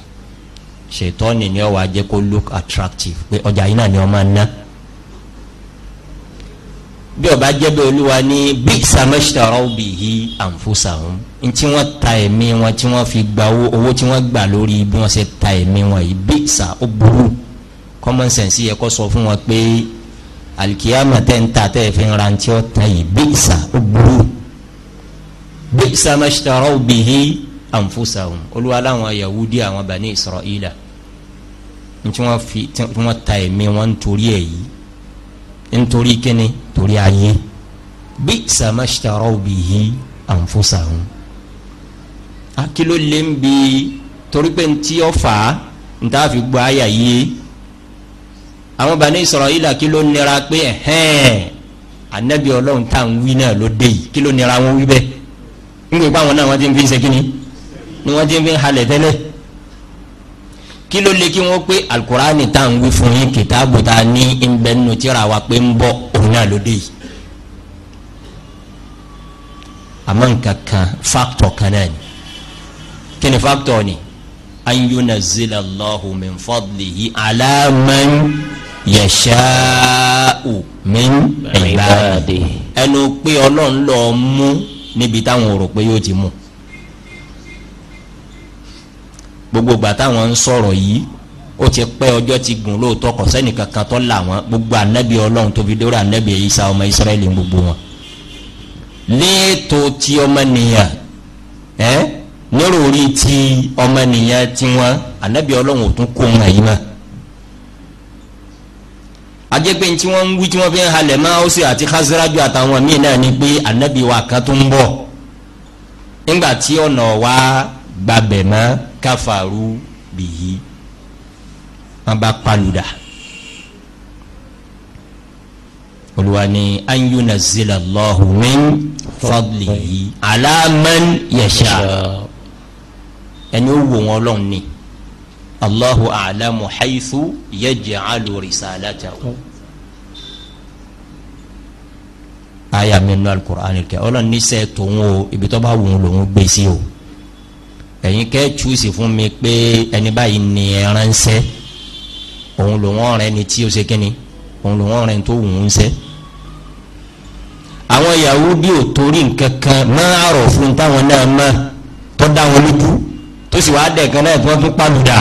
ṣètọ́ni ni ọ wá jẹ́ kó look attractive pé ọjà yìí náà ni ọ máa ná bí ọba jẹ́ bẹ́ẹ̀ olúwa ní bí samẹ́sítàrọ́ bì í ànfọ́sàhún ntí wọ́n ta ẹ̀mí wọn tí wọ́n fi gba owó owó tí wọ́n gbà lórí bí wọ́n ṣe ta ẹ̀mí wọn yìí bí sa ó burú common sense yẹ kó sọ fún wọn pé alikiyama tẹ́ ń ta tẹ́ fi ra ntí ọ̀ tán yìí bí sa ó burú bí samẹ́sítàrọ́ bì í anfusahum olúwa láwọn yahudi àwọn bani isra'ila tí wọ́n fi tí wọ́n ta ẹ̀mí wọn nítorí ẹ̀ yìí nítorí kíni torí ayé bí samashitaraw bi hi anfusahum akilo lè torí pé ntí ọ̀fà ntá fi gbọ́ àyà yìí àwọn bani isra'ila kilo nira pé ẹ̀hẹ́n anabi ọlọ́run tá à ń wí náà ló dé yìí kilo nira wọn wí bẹ́ẹ̀ ń gbé pa àwọn náà wọ́n ti ń fi ń ṣe kíni ni wọ́n ti fi halẹ̀ tẹ́lẹ̀ kí ló lè kí wọ́n pé alukurani tá à ń wí fún yín kìtàbù tá a ní ìbẹ̀ nínú tíra wa pé ń bọ̀ òun náà ló dé yìí àmọ́ nǹkan kan fáktọ̀ kan náà ni kí ni fáktọ̀ ni an yunazzila Allahu min fadlihi ala man yasha'u min ibadi. ẹnu pé ọlọ́run lọ́ọ́ mú níbi táwọn rò pé yóò ti mú. gbogbo ìgbà táwọn ń sọ̀rọ̀ yìí ó ti pẹ́ ọjọ́ ti gùn lóòótọ́ kò sẹ́ni kankan tó là wọn gbogbo anabi ọlọ́run tó fi dórí anabi Isa ọmọ Israẹli gbogbo wọn. léètò ti ọmọnìyàn ẹ nírò orí ti ọmọnìyàn tiwọn anabi ọlọ́run ò tún kó wọn yìí mọ́. ajẹ́pẹ́ tí wọ́n ń wí tí wọ́n fi ń halẹ̀ mọ́ Ausi àti Khazraju àtàwọn míì náà ni pé anabi wa kan tó ń bọ̀ nígbà tí ọ̀nà wa gbàbẹ̀ mọ́ káfàrú bìyí wọn bá palùdà olùwà ni an yunazzila Allahu min fadlihi ala man yasha ẹni ó wò wọn lọ́n ni Allahu a'lamu haythu yaj'alu risalatahu. aya min nu al-Qur'an al-Karim ọlọ́run ní sẹ́ẹ̀ tó ń wo ibi tó bá wù ú lòún gbèsè o ẹ̀yin kẹ́ chúùsì fún mi pé ẹni báyìí ni ẹ̀ránṣẹ́ òun lòun ọ̀rẹ́ ni tí ó ṣe kínni òun lòun ọ̀rẹ́ tó wù ú ṣe. àwọn Yahudi ò torí nǹkan kan máa rọ̀ fún táwọn náà mọ̀ tó dá wọn lójú tó sì wá dẹ̀ náà tí wọ́n pàlùdà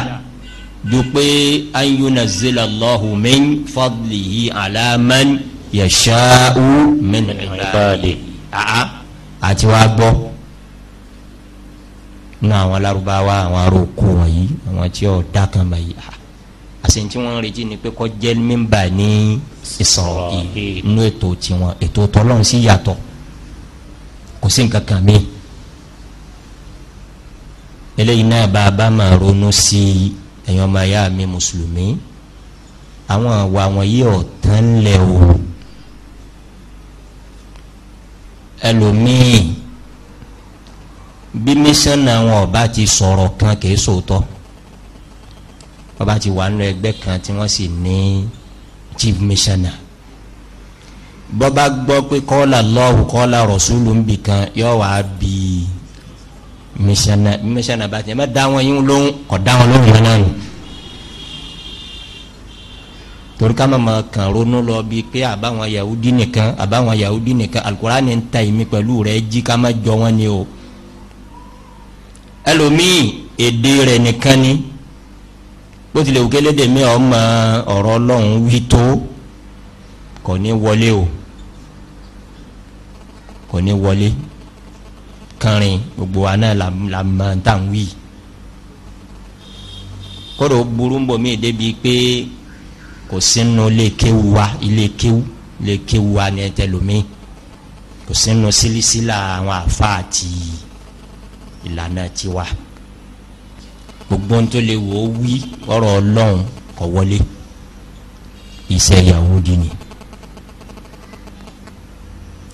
ju pé an yunazzila Allahu min fadlihi ala man yasha'u min ibadihi àti wàá gbọ́ nínú àwọn Lárúbáwá àwọn aróko wọ̀nyí àwọn tí ò dákan báyìí ah, àṣẹ tí wọ́n retí ni pé kọ́ jẹ́ mímbà ní ìsọ̀rọ̀ inú ètò tiwọn ètò tọ́lọ́run sì yàtọ̀ kò sí nǹkan kan mi eléyìí náà bá a bá máa ronú sí ẹ̀yin ọmọ ayá mi mùsùlùmí àwọn àwa wọn yìí ọ̀tán lẹ̀ o ẹlòmíì bí mísánná wọn ọba ti sọ̀rọ̀ kan kìí sòótọ́ ọba ti wà nínú ẹgbẹ́ kan tí wọ́n sì ní chief mísánná bọ́ba gbọ́ pé kọ́lá lọ́wọ́ kọ́lá rọ̀ṣúlù ń bì kan yọ wá bí mísánná mísánná bá tiẹ̀ má dá wọn yín lóhùn kọ́ dá wọn lóhùn náà nù torí ká máa kàn ronú lọ bíi pé àbáwọn yahudi nìkan àbáwọn yahudi nìkan alukóra ni ń ta ìmí pẹ̀lú rẹ̀ jí ká má jọ wọn ni o ẹlòmíì èdè rẹ̀ nìkan ni bó tilẹ̀ òkèlédè mi ọmọ ọ̀rọ̀ ọlọ́run wí tó kò ní wọlé o kò ní wọlé kànrin gbogbo wa náà la mọ tá n wí kódò burú ń bọ̀ mí débi pé kò sínú ilé kéwu wa ilé kéwu ilé kéwu wa ni ẹ tẹ lómi kò sínú sílísílà àwọn àfa àti yìí ìlànà tiwa gbogbo ń tó lè wò ó wí ọ̀rọ̀ Ọlọ́run kò wọlé iṣẹ́ Yahudi ni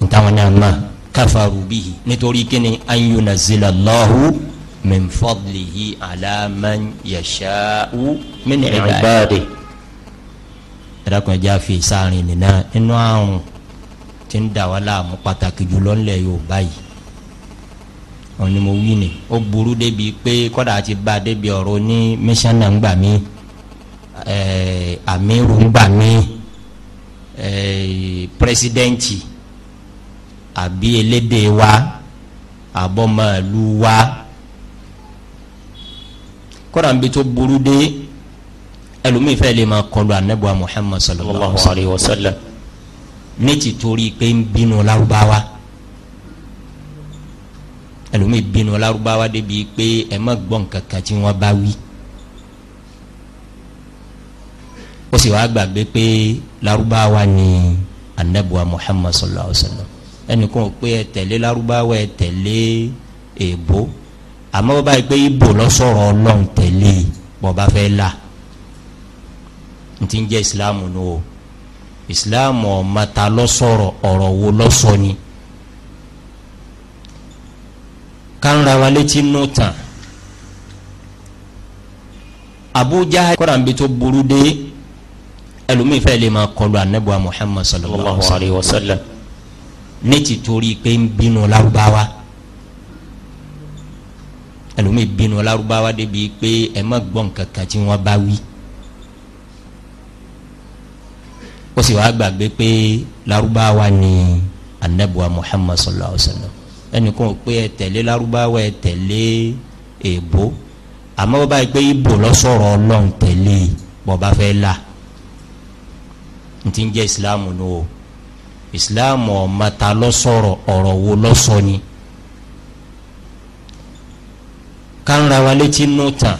ntàwọn náà mà káfàrú bíi nítorí kíni an yunazzila Allahu min fadlihi ala man yasha'u min ibadihi ẹ̀dàkùn ẹ̀jẹ̀ àfi àrùn tí ń dà wá láàmú pàtàkì jùlọ ńlẹ̀ Yorùbá yìí òun ni mo wí ni ó burú débi pé kọ́dà ti bá débi ọ̀rọ̀ ní mísánná ń gbà mí àmírù ń gbà mí pírẹsidẹ́ǹtì àbí elédè wa àbọ̀mọ̀lú wa kọ́dà ń bi tó burú dé ẹlòmíì fẹ́ lè máa kọlu anabuwa Muhammad sallallahu alayhi wa sallam ní ti torí pé ń bínú lárúbáwá ẹlòmíì bínú lárúbáwá débi pé ẹ má gbọ́ nǹkan kan tí wọ́n bá wí ó sì wàá gbàgbé pé lárúbáwá ni anabuwa muhammad sallallahu alaihi wa sallam ẹnìkan ò pé ẹ tẹ̀lé lárúbáwá ẹ tẹ̀lé èèbó àmọ́ bá yìí pé ibo lọ́sọ̀rọ̀ ọlọ́run tẹ̀lé bọ́ba fẹ́ là n ti ń jẹ́ ìsìláàmù nù o ìsìláàmù ọ̀mọ́ta lọ́sọ̀rọ̀ ọ̀rọ̀ wo lọ́sọ ni. kánra wa létí nù tán Abu Jahal kọ́ra nbí tó burú dé ẹlòmíì fẹ́ lè máa kọlu anabuwa Muhammad sallallahu alayhi wa sallam ní ti torí pé ń bínú lárúbáwá ẹlòmíì bínú lárúbáwá débi pé ẹ má gbọ́ nǹkan kan tí wọ́n bá wí ó sì wá gbàgbé pé lárúbáwá ni anabuwa Muhammad sallallahu alayhi wa sallam. ẹnìkan ò pé ẹ tẹ̀lé lárúbáwá ẹ tẹ̀lé èbó àmọ́ bó báyìí pé ibo lọ́sọ̀rọ̀ ọlọ́run tẹ̀lé bọ́ba fẹ́ là ntí ń jẹ́ ìsìláàmù ọ o ìsìláàmù ọrọ lọ́sọ̀rọ̀ ọ̀rọ̀ wo lọ́sọ̀ ni kánra wa létí nù tán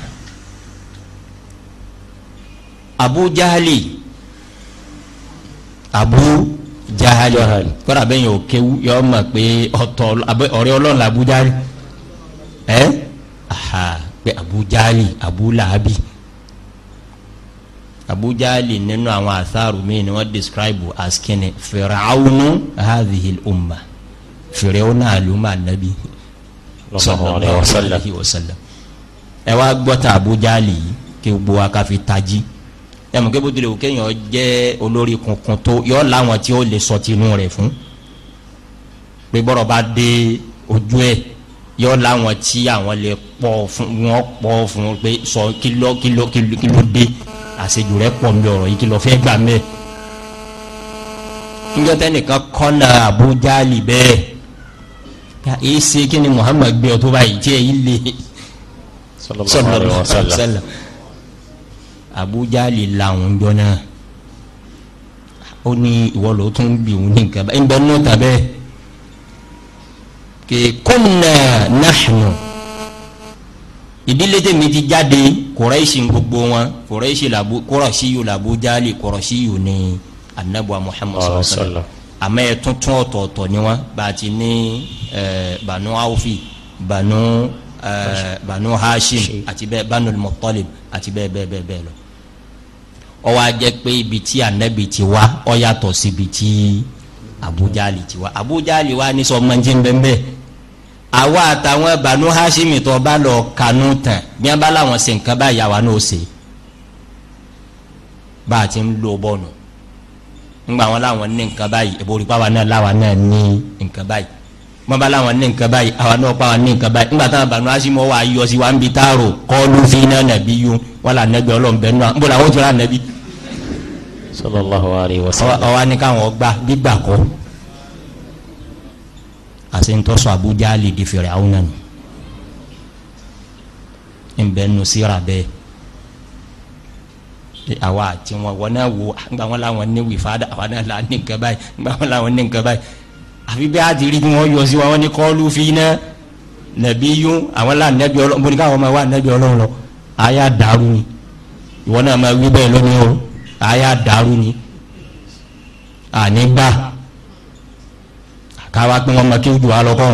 Abu Jahali Abu. jahali kọ́ra bẹ́yìn ò kéwú yọ mọ̀ pé ọ̀tọ̀ ọ̀rẹ́ ọlọ́run la abujali ẹ́ aha pé abujali abulahabi abujali nínú àwọn àsáàrù mi ni wọ́n describe as kini fìràwùnú hadhihi umma fìràwùnú àlùmọ̀ ànábi sallallahu alaihi wasallam ẹ wá gbọ́ta abujali kí gbogbo wa ká fi tají ẹmọ kí bójú lè wò kéèyàn jẹ́ olórí kunkun tó yọ láwọn tí ó lè sọ tinú rẹ̀ fún pé bọ́rọ̀ bá dé ojú ẹ̀ yọ láwọn tí àwọn lè pọ̀ fún wọn pọ̀ fún pé sọ kìlọ̀ kìlọ̀ kìlọ̀ dé àṣejù rẹ̀ pọ̀ mi ọ̀rọ̀ yìí kìlọ̀ fẹ́ gbà mẹ́ẹ̀ níjọ́ tẹ́nìkan kọ́nà àbújá lì bẹ́ẹ̀ èyí ṣe kí ni Muhammad gbé ọ tó báyìí tí èyí lè sallallahu alaihi wasallam Abuja lè làwọn jọ náà ó ní ìwọ ló tún bì òun ní nǹkan báyìí ń bẹ náà tàbẹ́ kè kóńnà náhùnù ìdílé tèmi ti jáde kùrẹ́ṣì gbogbo wọn kùrẹ́ṣì làbú kùrọ̀ṣì yìí làbújá lè kùrọ̀ṣì yìí ní anabuwa Muhammad sallallahu alaihi wa sallam àmọ́ ẹ tuntun ọ̀tọ̀ọ̀tọ̀ ni wọn bá a ti banu awfi banu banu hashim àti bẹ́ẹ̀ banu mọ̀tọ́lib àti bẹ́ẹ̀ bẹ́ẹ̀ bẹ́ẹ̀ lọ ó wá jẹ́ pé ibi tí anabi ti wá ó yàtọ̀ sí ibi tí abujali ti wá abujali wá ní sọ mọ́njí bẹ́ẹ̀ àwa àtàwọn banu hashimi tó bá lọ kanú tán bí wọn bá láwọn ṣe nǹkan báyìí àwa náà ṣe bá a ti ń lo bọ́ọ̀nù ńgbà wọn láwọn ní nǹkan báyìí ìborí pàwọn náà láwọn náà ní nǹkan báyìí wọn bá ní nǹkan báyìí àwọn náà pa wọn ní nǹkan báyìí ńgbà táwọn bànú asimọ wa yọ sí wa ń bi táàrò kọlu fínà nàbí yún wọn là nẹgbẹ ọlọmọbẹ náà ńbọ làwọn tó rà nàbí sallallahu alayhi wa sallam. ọwọ ni káwọn gbà gbígbà kọ àti ntọ́sọ abuja lè di fèrè àwọn nànú nbẹ nu síra bẹ́ẹ̀ àwa àti wọn wọn náà wo gba wọn làwọn ní wìfàdà àwọn náà là ní nǹkan báyìí gba wọn làwọn ní nǹkan báyìí àfi bẹ́ẹ̀ àti rí wọn yọ sí wọn ní kọ́ọ́lù fi nàbí yún àwọn là nàbí ọlọ́run bóni káwọn máa wà nàbí ọlọ́run lọ àyà dàrú ni náà máa wí bẹ́ẹ̀ lónìí o. Aya dàrú ni ànígbà káwa pé wọn kí ojú wa lọ kọ́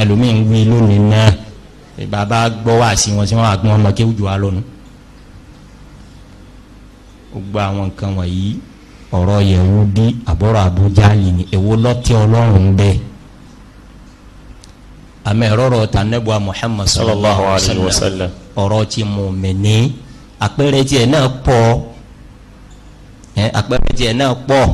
ẹlòmíín wí lónìí náà bàbá gbọ́ wá sí wọn sí wọn àgbọn ọmọ kí ojú wa lọ́nu gbogbo àwọn nǹkan wọ̀nyí ọ̀rọ̀ yẹ̀wò dí àbọ̀rọ̀ àbújá lì ní èwo lọ́tí ọlọ́run bẹ́ẹ̀ àmì ẹ̀rọ ọ̀rọ̀ tànẹ́bùà Muhammad sallallahu alayhi ọ̀rọ̀ tí mo mẹ́ àpẹẹrẹ tiẹ̀ náà pọ̀ ẹ àpẹẹrẹ tiẹ̀ náà pọ̀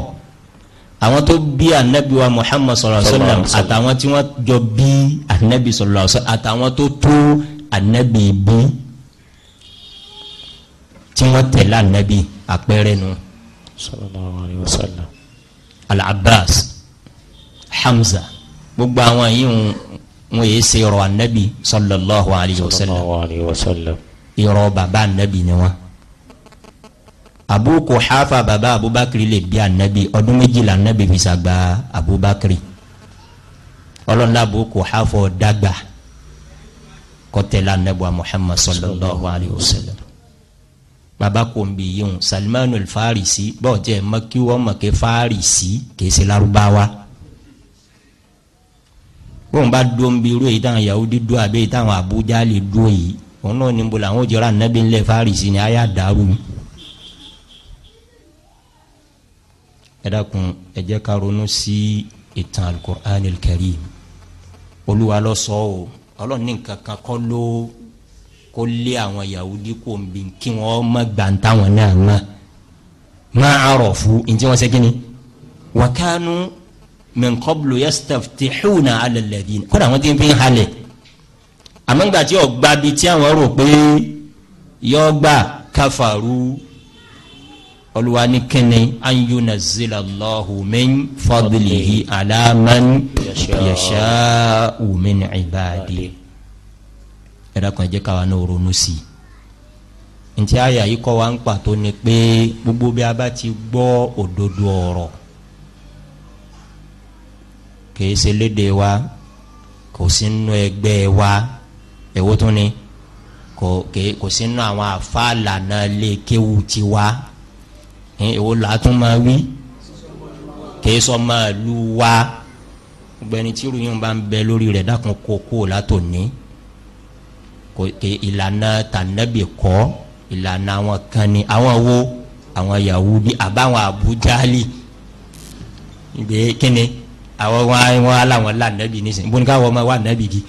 àwọn tó bí anabi wa muhammad sallallahu alaihi wa sallam àtàwọn tí wọ́n jọ bí anabi sallallahu alaihi wa sallam àtàwọn tó tó anabi bí tí wọ́n tẹ̀lé anabi àpẹẹrẹ nu. sallallahu alaihi wa sallam. al-abbas hamza gbogbo àwọn yìí ń wọ́n ṣe rọ anabi sallallahu alaihi wa sallallahu alaihi wa sallam irọ́ bàbá ànábì ni wọn Abu Kuhafa bàbá Abubakar lè bí ànábì ọdún méjìlá ànábì fi sàgbà Abubakar ọlọ́nà Abu Kuhafa dàgbà kọtẹ́lá ànábì wa Muhammad sallallahu alayhi wa sallam bàbá kò ń bi yíyún Salmanu Farisi bọ́ọ̀ jẹ́ mọ́kíwọ́ mọ̀kẹ́ Farisi kìí ṣe Lárúbáwá bóun bá dùn bí irú èyí táwọn Yahudi dùn àbí èyí táwọn Abuja lè dùn yìí òun náà níbo làwọn òjọra ànábì ńlẹ̀ fárisì ni àyà dàrú ẹ dákun ẹ jẹ́ ká ronú sí ìtàn alukur'an karim olúwa ló sọ o ọlọ́run ní nǹkan kan kọ́ ló kó lé àwọn yahudi kó ń bi kí wọ́n má gbàǹtà wọn náà mọ́ má àrọ̀ fún ǹjẹ́ wọ́n ṣe kí ni wa kanu min qablu yastaftihuna ala alladhin kódà wọ́n ti fi ń àmọ́ngbà tí ọgbà bíi tí àwọn rò pé yọ gbà káfàrú olùwà anyuna zila allahu min fadlihi alaman man yasha min ibadi ẹ̀rọ kan jẹ́ káwa náà ronú sí i ntí àyà yìí kọ́ wa ń pàtó ni pé gbogbo bí a bá ti gbọ́ òdodo ọ̀rọ̀ kìí ṣe léde wa kò sí nínú ẹgbẹ́ wa èwo tún ni kò kò sínú àwọn àfàlànà lè kéwu tiwa èwo làátún máa wí kì sọ máa lu wa gbẹni tí ruyin bá ń bẹ lórí rẹ̀ dákun kó kó o látò ní kò kì ìlànà tànàbì kọ́ ìlànà àwọn kan ni àwọn wo àwọn Yahudi àbáwọn Abu Jali ìgbé kíni àwọn wọn aláwọn là nàbì nísìnyí bóńká wọn máa wà nàbì kìí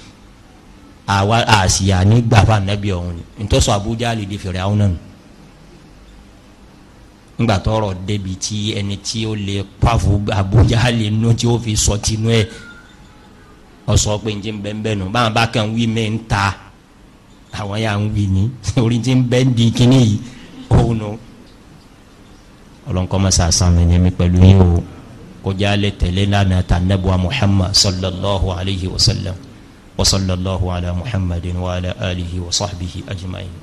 àwa àṣìyà nígbà fànàbí ọ̀hún ni ntọ́sọ abuja lè di fèrè àwọn náà ngba tọrọ débi tí ẹni tí ó lè pàfù abuja lè nù tí ó fi sọ tinú ẹ ọsọ pé njẹ nbẹnbẹ nù báwọn bá kàn wí mẹ ń ta àwọn yà ń wí ni orí ti ń bẹ ń di kíní yìí òun nù ọlọ́nkọ́ mọ́sá sàmì yẹn mi o kọjá lè tẹ̀lé lánàá Muhammad sallallahu alayhi wa sallam. وصلى الله على محمد وعلى آله وصحبه أجمعين